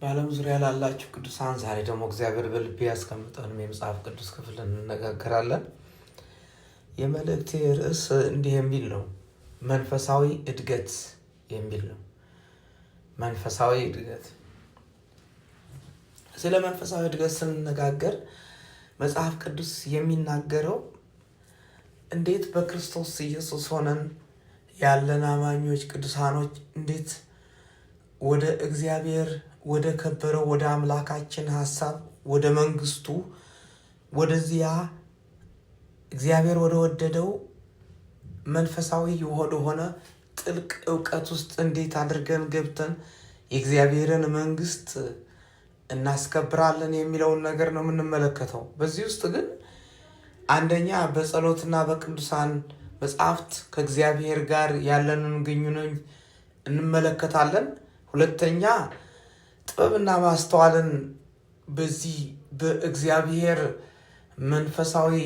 በዓለም ዙሪያ ላላችሁ ቅዱሳን ዛሬ ደግሞ እግዚአብሔር በልቤ ያስቀምጠንም የመጽሐፍ ቅዱስ ክፍል እንነጋገራለን። የመልእክቴ ርዕስ እንዲህ የሚል ነው፣ መንፈሳዊ እድገት የሚል ነው። መንፈሳዊ እድገት። ስለ መንፈሳዊ እድገት ስንነጋገር መጽሐፍ ቅዱስ የሚናገረው እንዴት በክርስቶስ ኢየሱስ ሆነን ያለን አማኞች ቅዱሳኖች እንዴት ወደ እግዚአብሔር ወደ ከበረው ወደ አምላካችን ሀሳብ ወደ መንግስቱ ወደዚያ እግዚአብሔር ወደ ወደደው መንፈሳዊ ሆነ ጥልቅ እውቀት ውስጥ እንዴት አድርገን ገብተን የእግዚአብሔርን መንግስት እናስከብራለን የሚለውን ነገር ነው የምንመለከተው። በዚህ ውስጥ ግን አንደኛ በጸሎትና በቅዱሳን መጽሐፍት ከእግዚአብሔር ጋር ያለንን ግንኙነት እንመለከታለን። ሁለተኛ ጥበብና ማስተዋልን በዚህ በእግዚአብሔር መንፈሳዊ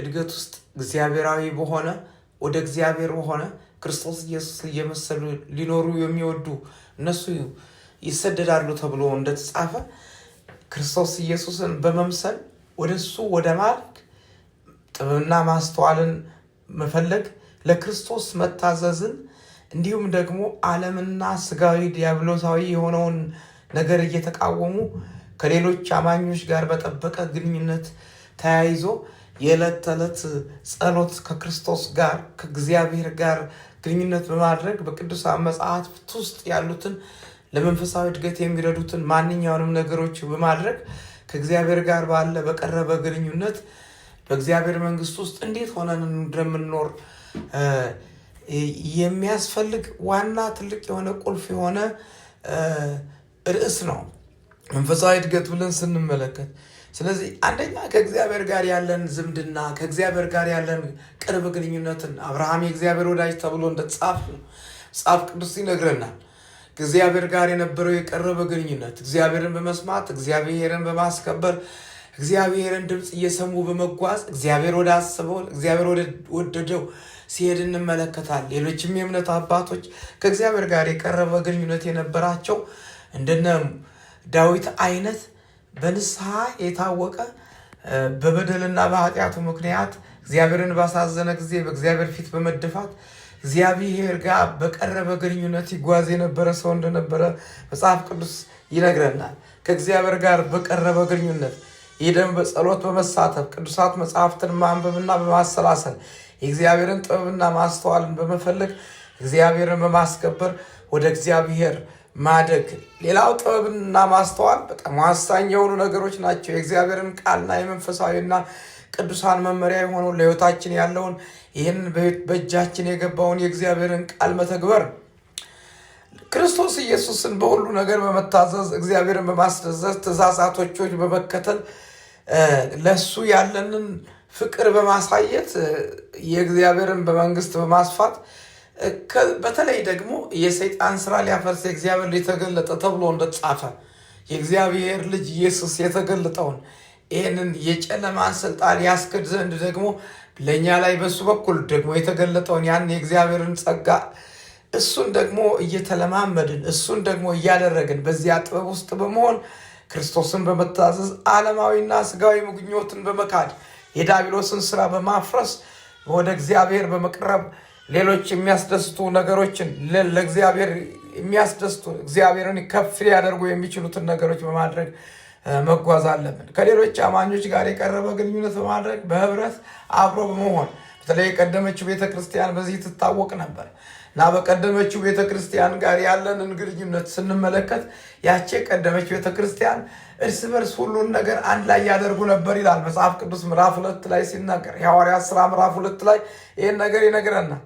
እድገት ውስጥ እግዚአብሔራዊ በሆነ ወደ እግዚአብሔር በሆነ ክርስቶስ ኢየሱስ እየመሰሉ ሊኖሩ የሚወዱ እነሱ ይሰደዳሉ ተብሎ እንደተጻፈ ክርስቶስ ኢየሱስን በመምሰል ወደ እሱ ወደ ማድረግ ጥበብና ማስተዋልን መፈለግ ለክርስቶስ መታዘዝን እንዲሁም ደግሞ ዓለምና ስጋዊ ዲያብሎሳዊ የሆነውን ነገር እየተቃወሙ ከሌሎች አማኞች ጋር በጠበቀ ግንኙነት ተያይዞ የዕለት ተዕለት ጸሎት ከክርስቶስ ጋር ከእግዚአብሔር ጋር ግንኙነት በማድረግ በቅዱሳን መጽሐፍት ውስጥ ያሉትን ለመንፈሳዊ እድገት የሚረዱትን ማንኛውንም ነገሮች በማድረግ ከእግዚአብሔር ጋር ባለ በቀረበ ግንኙነት በእግዚአብሔር መንግስት ውስጥ እንዴት ሆነን እንደምንኖር የሚያስፈልግ ዋና ትልቅ የሆነ ቁልፍ የሆነ ርዕስ ነው መንፈሳዊ እድገት ብለን ስንመለከት። ስለዚህ አንደኛ ከእግዚአብሔር ጋር ያለን ዝምድና፣ ከእግዚአብሔር ጋር ያለን ቅርብ ግንኙነትን አብርሃም የእግዚአብሔር ወዳጅ ተብሎ እንደተጻፈ መጽሐፍ ቅዱስ ይነግረናል። ከእግዚአብሔር ጋር የነበረው የቀረበ ግንኙነት እግዚአብሔርን በመስማት እግዚአብሔርን በማስከበር እግዚአብሔርን ድምፅ እየሰሙ በመጓዝ እግዚአብሔር ወደ አስበው እግዚአብሔር ወደደው ሲሄድ እንመለከታል። ሌሎችም የእምነት አባቶች ከእግዚአብሔር ጋር የቀረበ ግንኙነት የነበራቸው እንደነ ዳዊት አይነት በንስሐ የታወቀ በበደልና በኃጢአቱ ምክንያት እግዚአብሔርን ባሳዘነ ጊዜ በእግዚአብሔር ፊት በመደፋት እግዚአብሔር ጋር በቀረበ ግንኙነት ይጓዝ የነበረ ሰው እንደነበረ መጽሐፍ ቅዱስ ይነግረናል። ከእግዚአብሔር ጋር በቀረበ ግንኙነት ይደም በጸሎት በመሳተፍ ቅዱሳት መጽሐፍትን ማንበብና በማሰላሰል የእግዚአብሔርን ጥበብና ማስተዋልን በመፈለግ እግዚአብሔርን በማስከበር ወደ እግዚአብሔር ማደግ። ሌላው ጥበብና ማስተዋል በጣም ዋሳኝ የሆኑ ነገሮች ናቸው። የእግዚአብሔርን ቃልና የመንፈሳዊና ቅዱሳን መመሪያ የሆኑ ለሕይወታችን ያለውን ይህን በእጃችን የገባውን የእግዚአብሔርን ቃል መተግበር ክርስቶስ ኢየሱስን በሁሉ ነገር በመታዘዝ እግዚአብሔርን በማስደዘዝ ትእዛዛቶቹን በመከተል ለሱ ያለንን ፍቅር በማሳየት የእግዚአብሔርን በመንግስት በማስፋት በተለይ ደግሞ የሰይጣን ስራ ሊያፈርስ የእግዚአብሔር ልጅ ተገለጠ ተብሎ እንደተጻፈ የእግዚአብሔር ልጅ ኢየሱስ የተገለጠውን ይህንን የጨለማን ስልጣን ያስክድ ዘንድ ደግሞ ለእኛ ላይ በሱ በኩል ደግሞ የተገለጠውን ያን የእግዚአብሔርን ጸጋ እሱን ደግሞ እየተለማመድን እሱን ደግሞ እያደረግን በዚያ ጥበብ ውስጥ በመሆን ክርስቶስን በመታዘዝ ዓለማዊና ስጋዊ ምግኞትን በመካድ የዳቢሎስን ስራ በማፍረስ ወደ እግዚአብሔር በመቅረብ ሌሎች የሚያስደስቱ ነገሮችን ለእግዚአብሔር የሚያስደስቱ እግዚአብሔርን ከፍ ሊያደርጉ የሚችሉትን ነገሮች በማድረግ መጓዝ አለብን። ከሌሎች አማኞች ጋር የቀረበ ግንኙነት በማድረግ በህብረት አብሮ በመሆን በተለይ የቀደመችው ቤተክርስቲያን በዚህ ትታወቅ ነበር። እና በቀደመችው ቤተክርስቲያን ጋር ያለንን ግንኙነት ስንመለከት ያቺ የቀደመች ቤተክርስቲያን እርስ በርስ ሁሉን ነገር አንድ ላይ ያደርጉ ነበር ይላል መጽሐፍ ቅዱስ ምዕራፍ ሁለት ላይ ሲናገር የሐዋርያት ሥራ ምዕራፍ ሁለት ላይ ይህን ነገር ይነግረናል።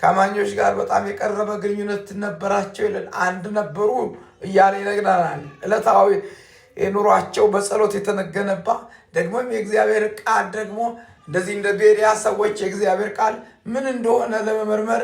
ከአማኞች ጋር በጣም የቀረበ ግንኙነት ነበራቸው ይለን አንድ ነበሩ እያለ ይነግረናል። ዕለታዊ የኑሯቸው በጸሎት የተነገነባ ደግሞም የእግዚአብሔር ቃል ደግሞ እንደዚህ እንደ ቤሪያ ሰዎች የእግዚአብሔር ቃል ምን እንደሆነ ለመመርመር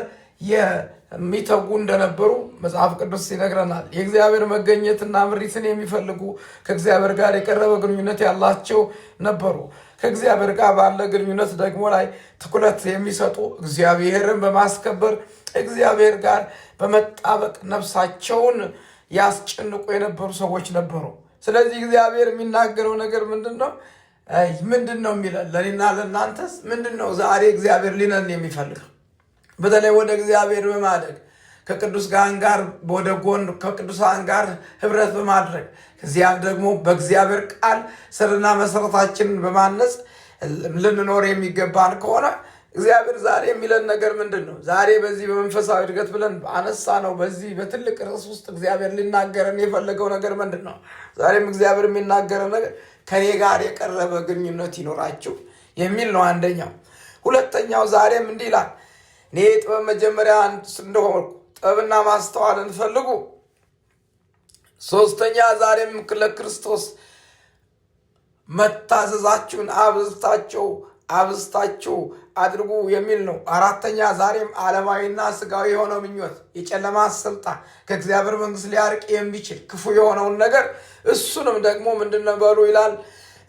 የሚተጉ እንደነበሩ መጽሐፍ ቅዱስ ይነግረናል። የእግዚአብሔር መገኘትና ምሪትን የሚፈልጉ ከእግዚአብሔር ጋር የቀረበ ግንኙነት ያላቸው ነበሩ። ከእግዚአብሔር ጋር ባለ ግንኙነት ደግሞ ላይ ትኩረት የሚሰጡ እግዚአብሔርን በማስከበር እግዚአብሔር ጋር በመጣበቅ ነፍሳቸውን ያስጨንቁ የነበሩ ሰዎች ነበሩ። ስለዚህ እግዚአብሔር የሚናገረው ነገር ምንድን ነው? ምንድን ነው የሚለን ለእኔና ለእናንተስ ምንድን ነው? ዛሬ እግዚአብሔር ሊነን የሚፈልግ በተለይ ወደ እግዚአብሔር በማደግ ከቅዱስ ጋን ጋር ወደ ጎን ከቅዱሳን ጋር ህብረት በማድረግ ከዚያም ደግሞ በእግዚአብሔር ቃል ስርና መሰረታችንን በማነጽ ልንኖር የሚገባን ከሆነ እግዚአብሔር ዛሬ የሚለን ነገር ምንድን ነው? ዛሬ በዚህ በመንፈሳዊ እድገት ብለን አነሳ ነው። በዚህ በትልቅ ርዕስ ውስጥ እግዚአብሔር ሊናገረን የፈለገው ነገር ምንድን ነው? ዛሬም እግዚአብሔር የሚናገረን ነገር ከኔ ጋር የቀረበ ግንኙነት ይኖራችሁ የሚል ነው አንደኛው። ሁለተኛው ዛሬም እንዲህ ይላል እኔ ጥበብ መጀመሪያ እንደሆንኩ ጥበብና ማስተዋልን ፈልጉ። ሶስተኛ ዛሬም ለክርስቶስ መታዘዛችሁን አብዝታቸው አብዝታችሁ አድርጉ የሚል ነው። አራተኛ ዛሬም ዓለማዊና ስጋዊ የሆነው ምኞት፣ የጨለማ ስልጣን ከእግዚአብሔር መንግስት ሊያርቅ የሚችል ክፉ የሆነውን ነገር እሱንም ደግሞ ምንድን ነበሩ ይላል።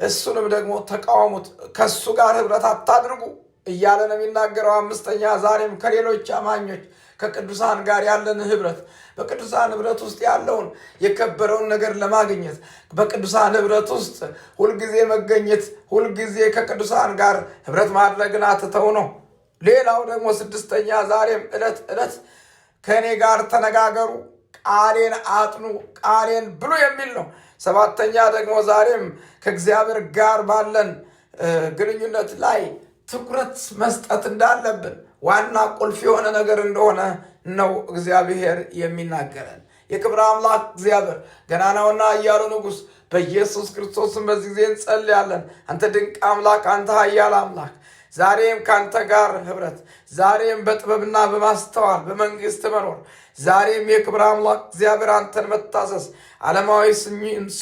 እሱንም ደግሞ ተቃወሙት፣ ከእሱ ጋር ህብረት አታድርጉ። እያለ ነው የሚናገረው። አምስተኛ ዛሬም ከሌሎች አማኞች ከቅዱሳን ጋር ያለን ህብረት በቅዱሳን ህብረት ውስጥ ያለውን የከበረውን ነገር ለማግኘት በቅዱሳን ህብረት ውስጥ ሁልጊዜ መገኘት፣ ሁልጊዜ ከቅዱሳን ጋር ህብረት ማድረግን አትተው ነው። ሌላው ደግሞ ስድስተኛ ዛሬም ዕለት ዕለት ከእኔ ጋር ተነጋገሩ፣ ቃሌን አጥኑ፣ ቃሌን ብሉ የሚል ነው። ሰባተኛ ደግሞ ዛሬም ከእግዚአብሔር ጋር ባለን ግንኙነት ላይ ትኩረት መስጠት እንዳለብን ዋና ቁልፍ የሆነ ነገር እንደሆነ ነው እግዚአብሔር የሚናገረን። የክብር አምላክ እግዚአብሔር ገናናውና እያሉ ንጉሥ በኢየሱስ ክርስቶስን በዚህ ጊዜ እንጸልያለን። አንተ ድንቅ አምላክ፣ አንተ ኃያል አምላክ ዛሬም ከአንተ ጋር ህብረት፣ ዛሬም በጥበብና በማስተዋል በመንግስት መኖር፣ ዛሬም የክብር አምላክ እግዚአብሔር አንተን መታሰስ፣ ዓለማዊ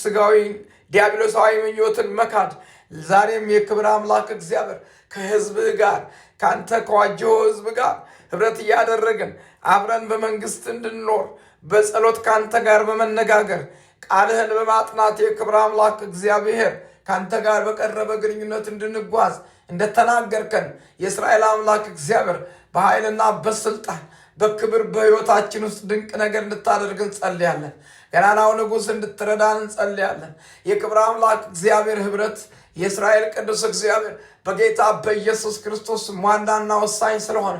ስጋዊ ዲያብሎሳዊ ምኞትን መካድ፣ ዛሬም የክብር አምላክ እግዚአብሔር ከህዝብህ ጋር ከአንተ ከዋጀው ህዝብ ጋር ህብረት እያደረግን አብረን በመንግስት እንድንኖር በጸሎት ከአንተ ጋር በመነጋገር ቃልህን በማጥናት የክብር አምላክ እግዚአብሔር ከአንተ ጋር በቀረበ ግንኙነት እንድንጓዝ እንደተናገርከን የእስራኤል አምላክ እግዚአብሔር በኃይልና በስልጣን በክብር በህይወታችን ውስጥ ድንቅ ነገር እንድታደርግ እንጸልያለን። ገናናው ንጉሥ እንድትረዳን እንጸልያለን። የክብር አምላክ እግዚአብሔር ህብረት የእስራኤል ቅዱስ እግዚአብሔር በጌታ በኢየሱስ ክርስቶስ ዋናና ወሳኝ ስለሆነ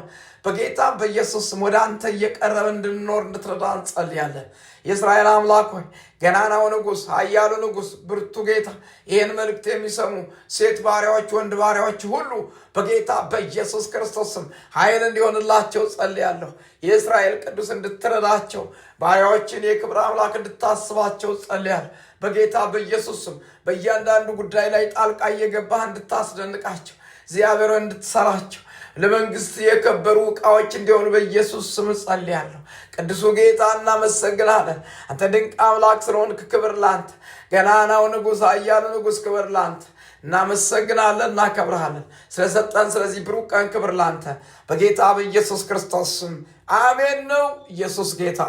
በጌታ በኢየሱስ ስም ወደ አንተ እየቀረበ እንድንኖር እንድትረዳ እንጸልያለን። የእስራኤል አምላክ ሆይ ገናናው ንጉሥ፣ ኃያሉ ንጉሥ፣ ብርቱ ጌታ ይህን መልእክት የሚሰሙ ሴት ባሪያዎች፣ ወንድ ባሪያዎች ሁሉ በጌታ በኢየሱስ ክርስቶስ ስም ኃይል እንዲሆንላቸው ጸልያለሁ። የእስራኤል ቅዱስ እንድትረዳቸው ባሪያዎችን የክብር አምላክ እንድታስባቸው ጸልያል። በጌታ በኢየሱስ ስም በእያንዳንዱ ጉዳይ ላይ ጣልቃ እየገባህ እንድታስደንቃቸው እግዚአብሔር እንድትሰራቸው ለመንግስት የከበሩ ዕቃዎች እንዲሆኑ በኢየሱስ ስም ጸልያለሁ። ቅዱሱ ጌታ እናመሰግናለን። አንተ ድንቅ አምላክ ስለሆንክ ክብር ላንተ። ገናናው ንጉሥ፣ አያሉ ንጉሥ ክብር ላንተ። እናመሰግናለን፣ እናከብርሃለን። ስለሰጠን ስለዚህ ብሩቅ ቀን ክብር ላንተ በጌታ በኢየሱስ ክርስቶስ ስም አሜን። ነው ኢየሱስ ጌታ